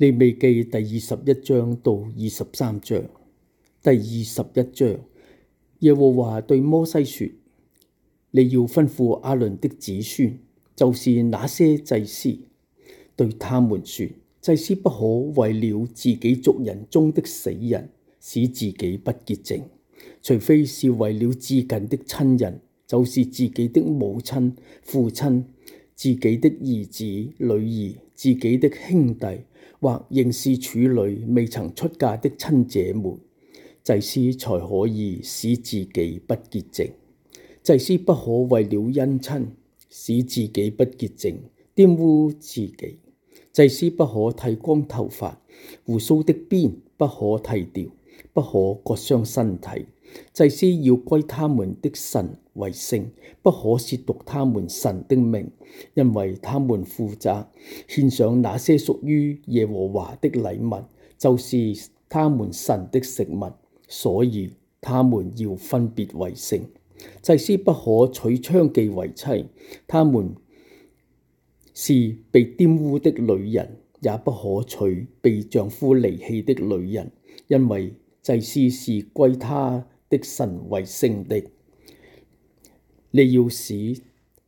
利未記第二十一章到二十三章。第二十一章，耶和華對摩西說：你要吩咐阿倫的子孫，就是那些祭司，對他們說：祭司不可為了自己族人中的死人使自己不潔淨，除非是為了至近的親人，就是自己的母親、父親、自己的兒子、女兒、自己的兄弟。或仍是處女未曾出嫁的親姐妹，祭司才可以使自己不潔淨。祭司不可為了姻親使自己不潔淨，玷污自己。祭司不可剃光頭髮，鬍鬚的邊不可剃掉，不可割傷身體。祭司要歸他們的神為聖，不可褻瀆他們神的名，因為他們負責獻上那些屬於耶和華的禮物，就是他們神的食物，所以他們要分別為聖。祭司不可娶娼妓為妻，他們是被玷污的女人，也不可娶被丈夫離棄的女人，因為祭司是歸他的神為聖的，你要使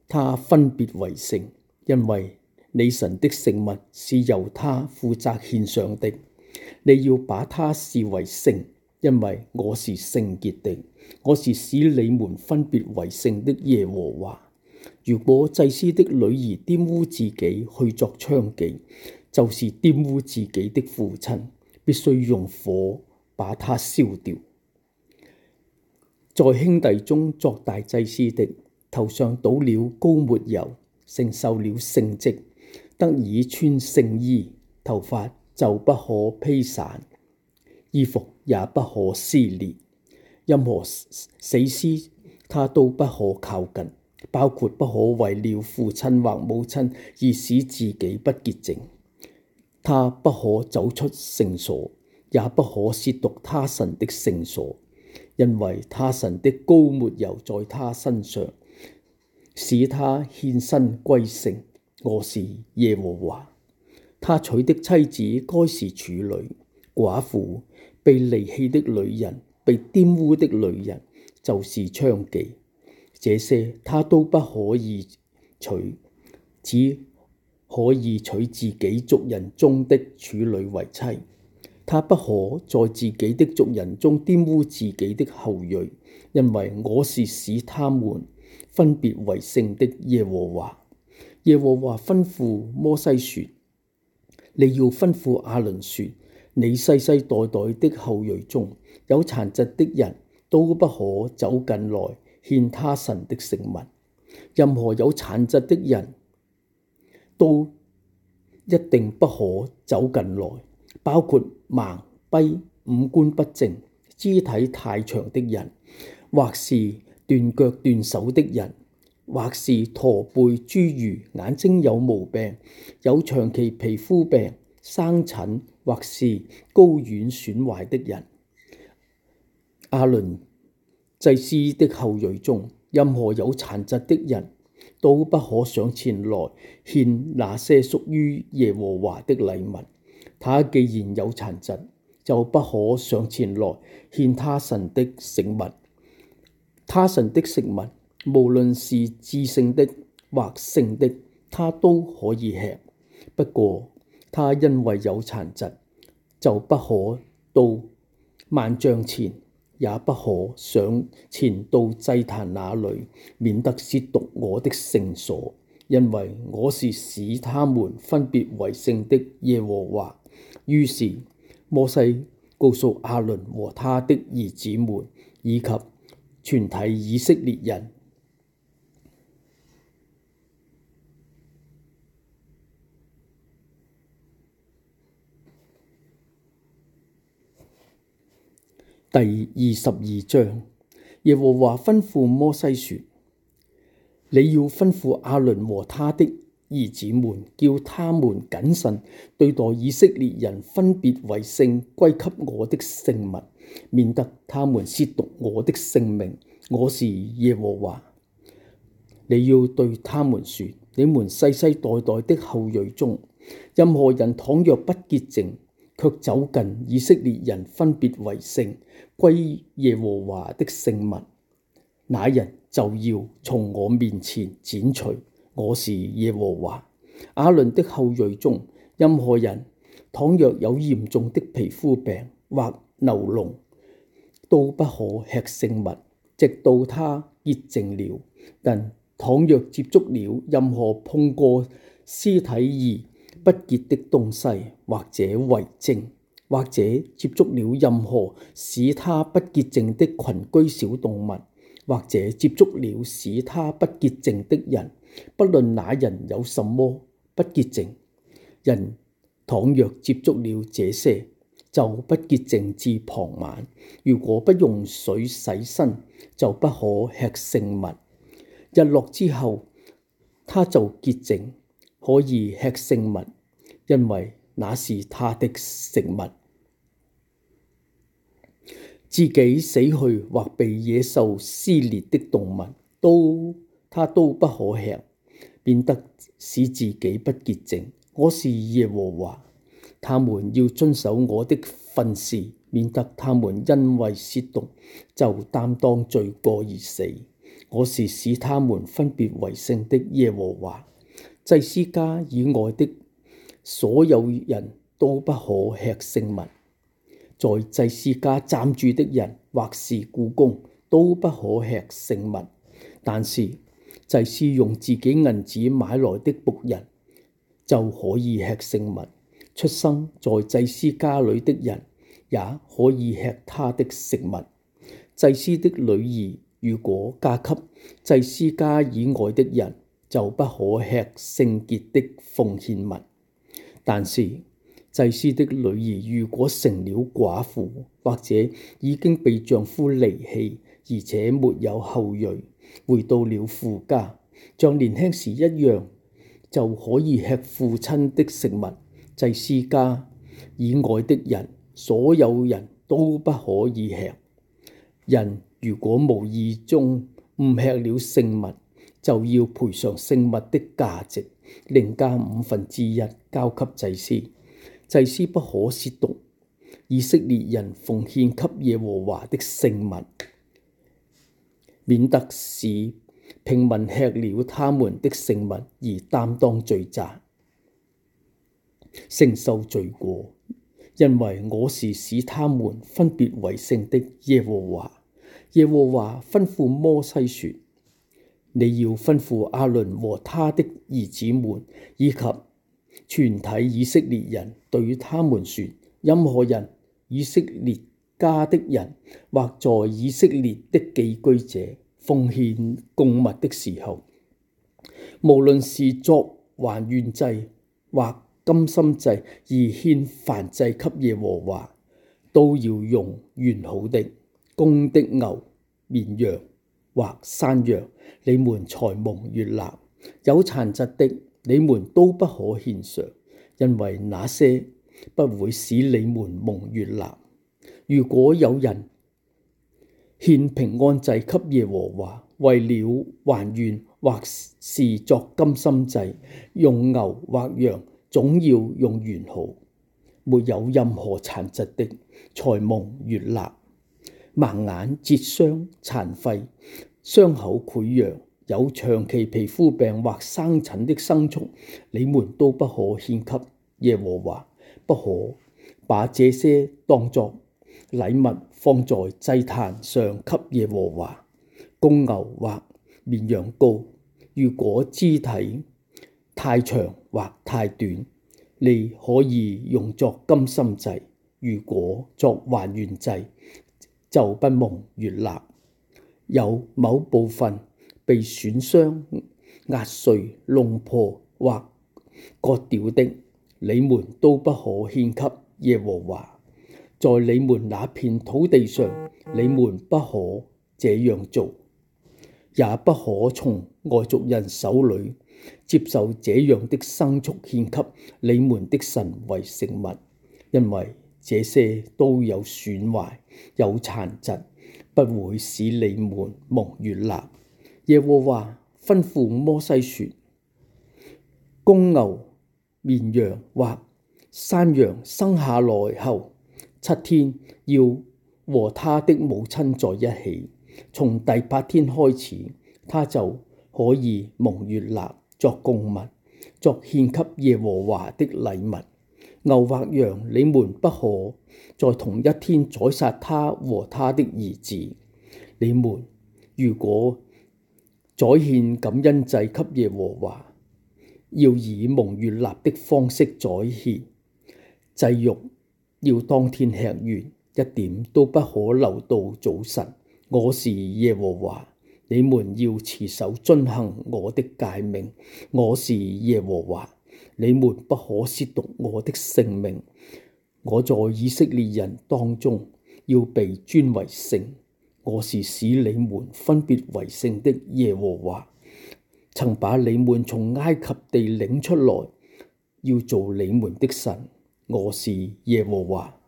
他分別為聖，因為你神的聖物是由他負責獻上的。你要把他視為聖，因為我是聖潔的，我是使你們分別為聖的耶和華。如果祭司的女兒玷污自己去作娼妓，就是玷污自己的父親，必須用火把它燒掉。在兄弟中作大祭司的，頭上倒了膏抹油，承受了聖職，得以穿聖衣，頭髮就不可披散，衣服也不可撕裂。任何死屍他都不可靠近，包括不可為了父親或母親而使自己不潔淨。他不可走出聖所，也不可褻瀆他神的聖所。因為他神的膏抹油在他身上，使他獻身歸聖。我是耶和華。他娶的妻子該是處女、寡婦、被離棄的女人、被玷污的女人，就是娼妓，這些他都不可以娶，只可以娶自己族人中的處女為妻。他不可在自己的族人中玷污自己的後裔，因為我是使他們分別為聖的耶和華。耶和華吩咐摩西說：你要吩咐亞倫說，你世世代代的後裔中有殘疾的人都不可走近來獻他神的食物。任何有殘疾的人都一定不可走近來。包括盲、跛、五官不正、肢體太長的人，或是斷腳斷手的人，或是駝背侏儒、眼睛有毛病、有長期皮膚病、生疹，或是睾丸損壞的人。阿倫祭司的後裔中，任何有殘疾的人都不可上前來獻那些屬於耶和華的禮物。他既然有殘疾，就不可上前來獻他神的食物。他神的食物，無論是至聖的或聖的，他都可以吃。不過，他因為有殘疾，就不可到幔帳前，也不可上前到祭壇那裡，免得褻瀆我的聖所。因為我是使他們分別為聖的耶和華。於是摩西告訴阿倫和他的兒子們，以及全體以色列人。第二十二章，耶和華吩咐摩西說你要吩咐阿倫和他的兒子們，叫他們謹慎對待以色列人分別為聖歸給我的聖物，免得他們褻瀆我的聖名。我是耶和華。你要對他們說：你們世世代代的後裔中，任何人倘若不潔淨，卻走近以色列人分別為聖歸耶和華的聖物。那人就要從我面前剪除。我是耶和華。阿倫的後裔中任何人，倘若有嚴重的皮膚病或流膿，都不可吃聖物，直到他潔淨了。但倘若接觸了任何碰過屍體而不潔的東西，或者遺精，或者接觸了任何使他不潔淨的群居小動物。或者接觸了使他不潔淨的人，不論那人有什麼不潔淨，人倘若接觸了這些，就不潔淨至傍晚。如果不用水洗身，就不可吃聖物。日落之後，他就潔淨，可以吃聖物，因為那是他的食物。自己死去或被野獸撕裂的動物都，他都不可吃，變得使自己不潔淨。我是耶和華，他們要遵守我的訓示，免得他們因為褻瀆就擔當罪過而死。我是使他們分別為聖的耶和華，祭司家以外的所有人都不可吃聖物。在祭司家暫住的人或是僱工都不可吃聖物，但是祭司用自己銀子買來的僕人就可以吃聖物。出生在祭司家裏的人也可以吃他的食物。祭司的女兒如果嫁給祭司家以外的人，就不可吃聖潔的奉獻物，但是。祭司的女兒如果成了寡婦，或者已經被丈夫離棄，而且沒有後裔，回到了父家，像年輕時一樣，就可以吃父親的食物。祭司家以外的人，所有人都不可以吃。人如果無意中誤吃了聖物，就要賠償聖物的價值，另加五分之一交給祭司。祭司不可褻瀆，以色列人奉獻給耶和華的聖物，免得使平民吃了他們的聖物而擔當罪責，承受罪過。因為我是使他們分別為聖的耶和華。耶和華吩咐摩西說：你要吩咐阿倫和他的兒子們以及。全體以色列人對他們説：任何人以色列家的人或在以色列的寄居者，奉獻供物的時候，無論是作還願祭或甘心祭而獻燔祭給耶和華，都要用完好的公的牛、綿羊或山羊。你們才蒙悦納。有殘疾的。你們都不可獻上，因為那些不會使你們蒙悅納。如果有人獻平安祭給耶和華，為了還願或是作甘心祭，用牛或羊，總要用完好、沒有任何殘疾的才蒙悅納。盲眼、折傷、殘廢、傷口潰瘍。有長期皮膚病或生疹的牲畜，你們都不可獻給耶和華，不可把這些當作禮物放在祭壇上給耶和華。公牛或綿羊羔，如果肢體太長或太短，你可以用作甘心祭；如果作還願祭，就不蒙悅納。有某部分。被損傷、壓碎、弄破或割掉的，你們都不可獻給耶和華。在你們那片土地上，你們不可這樣做，也不可從外族人手裏接受這樣的牲畜獻給你們的神為食物，因為這些都有損壞、有殘疾，不會使你們蒙悅納。耶和華吩咐摩西說：公牛、綿羊或山羊生下來後七天，要和他的母親在一起。從第八天開始，他就可以蒙悅納作供物，作獻給耶和華的禮物。牛或羊，你們不可在同一天宰殺他和他的兒子。你們如果宰獻感恩祭給耶和華，要以蒙悅納的方式宰獻。祭肉要當天吃完，一點都不可留到早晨。我是耶和華，你們要持守遵行我的誡命。我是耶和華，你們不可褻瀆我的聖名。我在以色列人當中要被尊為聖。我是使你們分別為聖的耶和華，曾把你們從埃及地領出來，要做你們的神。我是耶和華。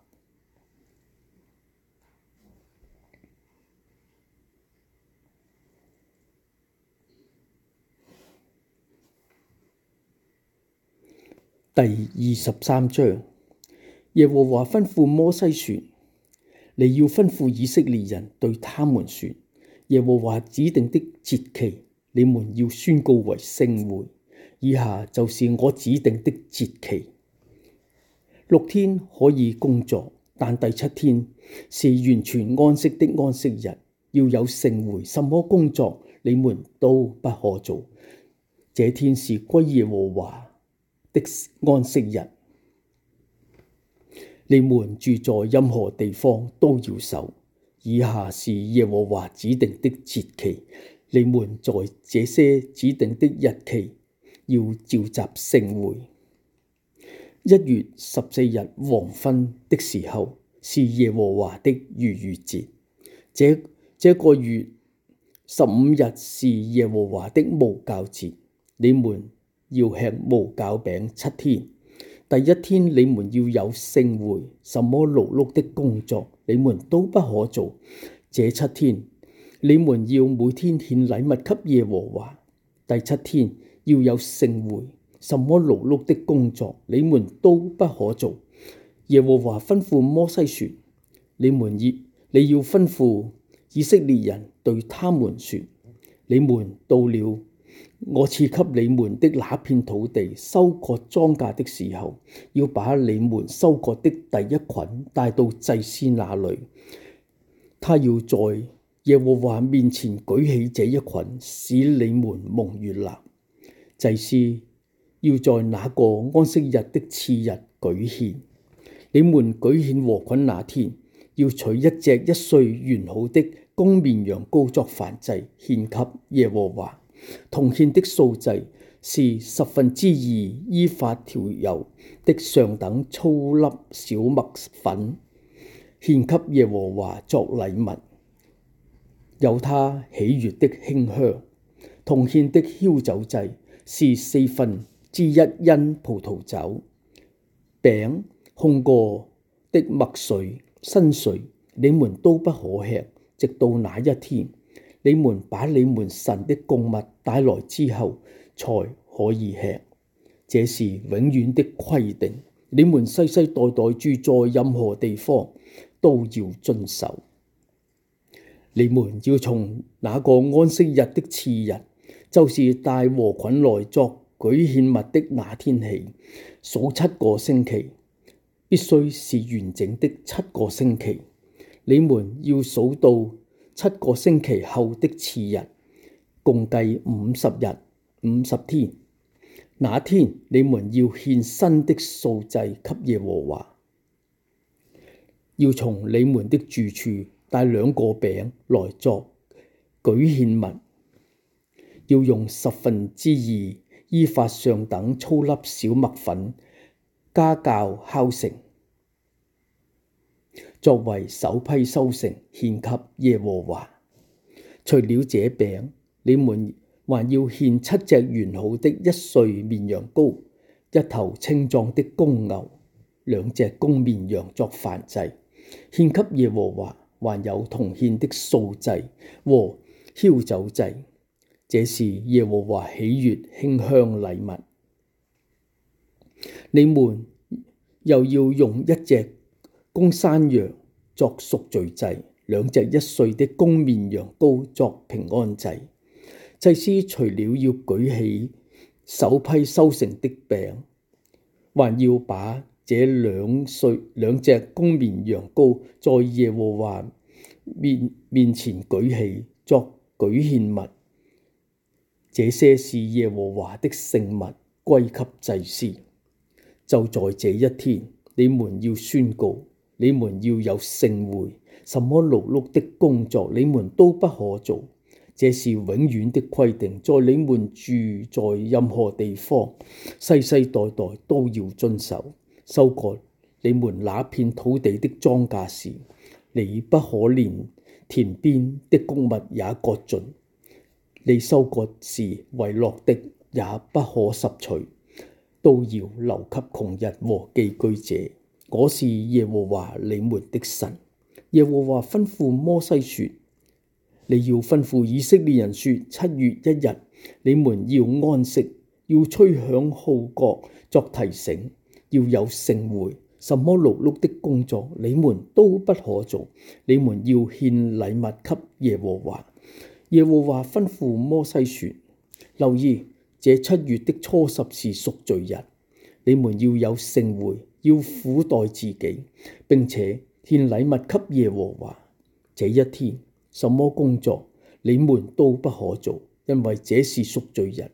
第二十三章，耶和華吩咐摩西說：你要吩咐以色列人對他們說：耶和華指定的節期，你們要宣告為聖會。以下就是我指定的節期：六天可以工作，但第七天是完全安息的安息日。要有聖會，什麼工作你們都不可做。這天是歸耶和華的安息日。你們住在任何地方都要守。以下是耶和華指定的節期，你們在這些指定的日期要召集聖會。一月十四日黃昏的時候是耶和華的逾越節，這這個月十五日是耶和華的無酵節，你們要吃無酵餅七天。第一天你們要有聖會，什麼勞碌的工作你們都不可做。這七天你們要每天獻禮物給耶和華。第七天要有聖會，什麼勞碌的工作你們都不可做。耶和華吩咐摩西說：你們要你要吩咐以色列人對他們說：你們到了。我賜給你們的那片土地，收割莊稼的時候，要把你們收割的第一捆帶到祭司那裏，他要在耶和華面前舉起這一捆，使你們蒙悦納。祭司要在那個安息日的次日舉獻，你們舉獻禾捆那天，要取一隻一歲完好的公綿羊羔作燔祭，獻給耶和華。同獻的素祭是十分之二依法調油的上等粗粒小麥粉，獻給耶和華作禮物，有他喜悅的馨香。同獻的澆酒祭是四分之一因葡萄酒餅烘過，的麥穗、新穗，你們都不可吃，直到那一天，你們把你們神的供物。帶來之後才可以吃，這是永遠的規定。你們世世代代住在任何地方都要遵守。你們要從那個安息日的次日，就是大禾捆內作舉獻物的那天起，數七個星期，必須是完整的七個星期。你們要數到七個星期後的次日。共計五十日五十天，那天你們要獻新的素祭給耶和華，要從你們的住處帶兩個餅來作舉獻物，要用十分之二依法上等粗粒小麥粉加酵烤成，作為首批收成獻給耶和華。除了這餅。你們還要獻七隻完好的一歲綿羊羔，一頭青壯的公牛，兩隻公綿羊作飯祭，獻給耶和華，還有同獻的素祭和澆酒祭，這是耶和華喜悅馨香禮物。祭司除了要舉起首批收成的餅，還要把這兩歲兩隻公綿羊羔在耶和華面面前舉起作舉獻物。這些是耶和華的聖物，歸給祭司。就在這一天，你們要宣告，你們要有聖會，什麼勞碌的工作，你們都不可做。這是永遠的規定，在你們住在任何地方，世世代代都要遵守。收割你們那片土地的莊稼時，你不可連田邊的穀物也割盡。你收割時遺落的也不可拾取，都要留給窮人和寄居者。我是耶和華你們的神。耶和華吩咐摩西說。你要吩咐以色列人說：七月一日，你們要安息，要吹響號角作提醒，要有聖會，什麼勞碌的工作你們都不可做。你們要獻禮物給耶和華。耶和華吩咐摩西說：留意，這七月的初十是贖罪日，你們要有聖會，要苦待自己，並且獻禮物給耶和華這一天。什麼工作你們都不可做，因為這是贖罪日，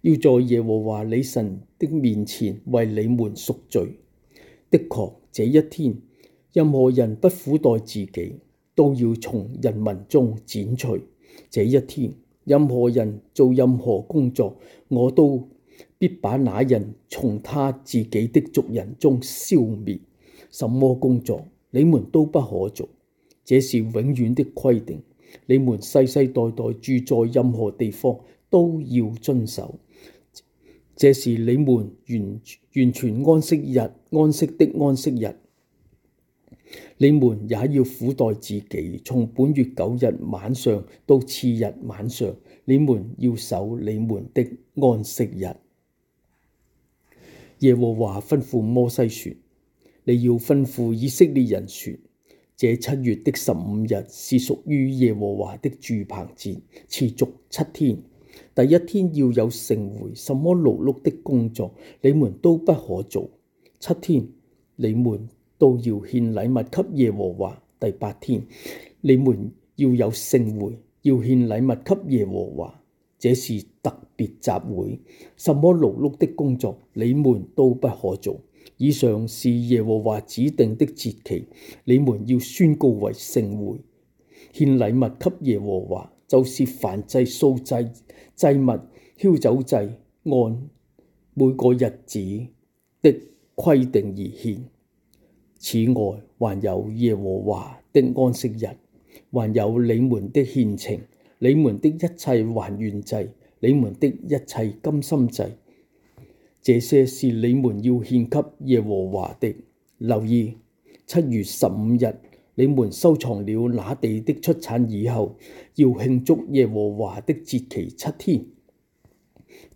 要在耶和華你神的面前為你們贖罪。的確，這一天任何人不苦待自己，都要從人民中剪除。這一天任何人做任何工作，我都必把那人從他自己的族人中消滅。什麼工作你們都不可做。這是永遠的規定，你們世世代代住在任何地方都要遵守。這是你們完完全安息日，安息的安息日。你們也要苦待自己，從本月九日晚上到次日晚上，你們要守你們的安息日。耶和華吩咐摩西說：你要吩咐以色列人說。這七月的十五日是屬於耶和華的住棚節，持續七天。第一天要有聖會，什麼勞碌的工作你們都不可做。七天你們都要獻禮物給耶和華。第八天你們要有聖會，要獻禮物給耶和華。這是特別集會，什麼勞碌的工作你們都不可做。以上是耶和華指定的節期，你們要宣告為聖會，獻禮物給耶和華，就是燔祭、素祭、祭物、奠酒祭，按每個日子的規定而獻。此外，還有耶和華的安息日，還有你們的獻情，你們的一切還願祭，你們的一切甘心祭。這些是你們要獻給耶和華的。留意七月十五日，你們收藏了那地的出產以後，要慶祝耶和華的節期七天。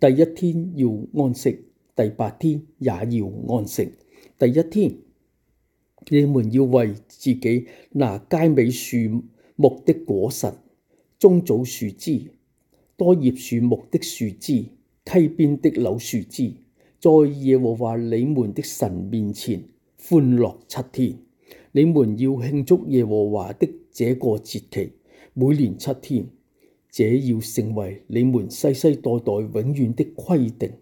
第一天要安息，第八天也要安息。第一天，你們要為自己拿佳美樹木的果實、棕棗樹枝、多葉樹木的樹枝、溪邊的柳樹枝。在耶和華你們的神面前歡樂七天，你們要慶祝耶和華的這個節期，每年七天，這要成為你們世世代代永遠的規定。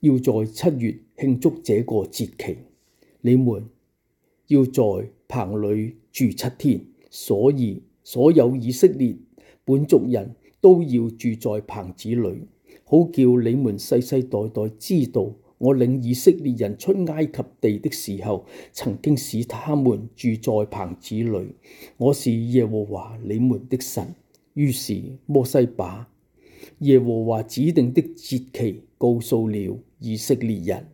要在七月慶祝這個節期，你們要在棚裏住七天，所以所有以色列本族人都要住在棚子裏。好叫你們世世代代知道，我領以色列人出埃及地的時候，曾經使他們住在棚子裏。我是耶和華你們的神。於是摩西把耶和華指定的節期告訴了以色列人。